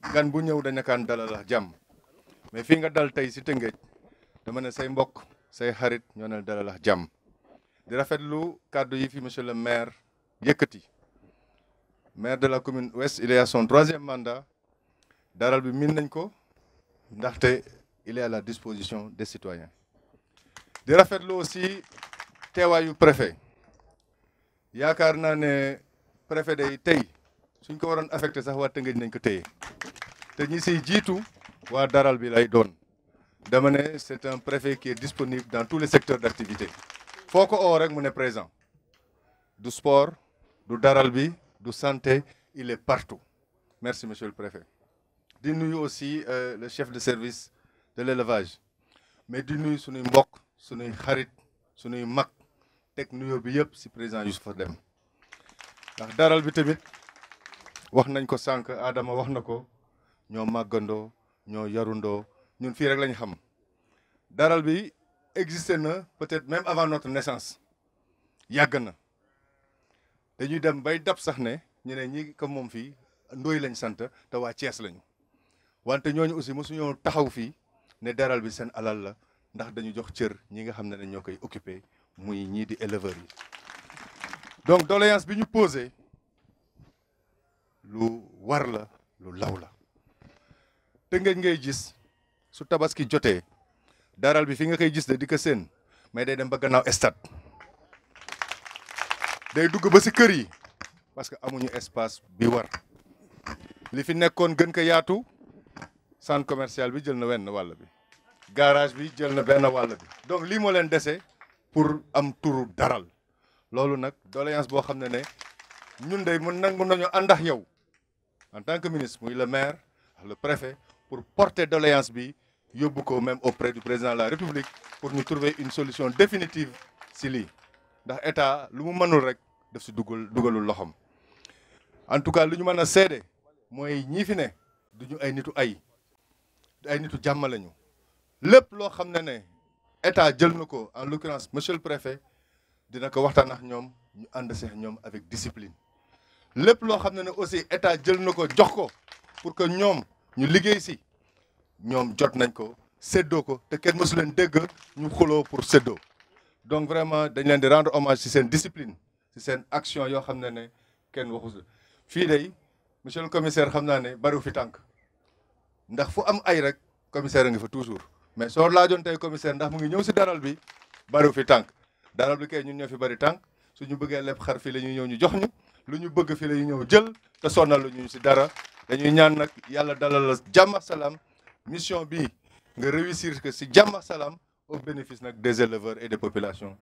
gan bu ñew dañ dalalah dalal jam mais fi nga dal tay si teungej dama ne say mbokk say xarit ñonal dalal jam di rafetlu cadeau yi fi monsieur le maire yëkëti maire de la commune ouest il est à son troisième mandat daral bi min nañ ko ndaxte il est à la disposition des citoyens di rafetlu aussi téwayu préfet yaakar na ne préfet day tay suñ ko waron affecté sax wa teungej nañ ko Té ñi daral bi lay doon dama c'est un préfet qui est disponible dans tous les secteurs d'activité Foko ko oo rek présent du sport du daralbi, bi du santé il est partout merci monsieur le préfet di nuyu aussi euh, le chef de service de l'élevage mais di nuyu suñuy mbokk suñuy xarit suñuy mag teg nuyo bi yëpp ci président Youssoupha Deme ndax daral bi tamit wax nañ ko sànq Adama wax ñoo màggandoo ñoo yarundoo ñun fii rek lañ xam daral bi existé na peut-être même avant notre naissance yàgg na dañuy dem bay dab sax ne ñu ne ñi comme moom fii ndooy lañ sant te waa Thiès lañu wante ñooñu aussi mosuñoo taxaw fii ne daral bi seen alal la ndax dañu jox cër ñi nga xam ne dañ ñoo koy occupé muy ñii di éleveurs yi donc doléance bi ñu posé lu war la lu law la ngeen ngay gis su tabaski jotté daral bi fi nga kay gis de dik sen seen mais day dem ba gannaaw stade day dugg ba ci kër yi parce que amuñu espace bi war li fi nekkoon gën ko yaatu centre commercial bi jël na wenn wall bi garage bi jël na benn wall bi donc li mo leen dese pour am turu daral lolou nak, doléance bo xamné né ñun day mun nangu nañu andax yow en tant que ministre muy le maire le préfet pour porter doléance bi yobuko même auprès du président de la république pour nous trouver une solution définitive si lii ndax état lu mu mënul rek daf ci dugal dugalul loxam en tout cas lu ñu mën a seede ñi fi né du ay nitu ay ay nitu jàmm lañu lépp loo xam ne état jël na en l'occurrence monsieur le préfet dina ko waxtan ak ñom ñu ànd seex ñom avec discipline lepp lo xamné aussi état jël na jox ko pour que ñom nous liggéey ici, nous jot nañ ko séddoo ko te kenn mësu pour fait. donc vraiment nous leen rendre hommage si cette discipline si cette action que nous monsieur le commissaire il y a fi qui ndax fu am ay commissaire a toujours mais commissaire si daral bi fi daral ñun avez bari choses, suñu avez lépp vous fait la fait dañuy ñaan nak yalla dalal la jàmm salam mission bi nga réussir que si jàmm salam au bénéfice nak des éleveurs et des populations.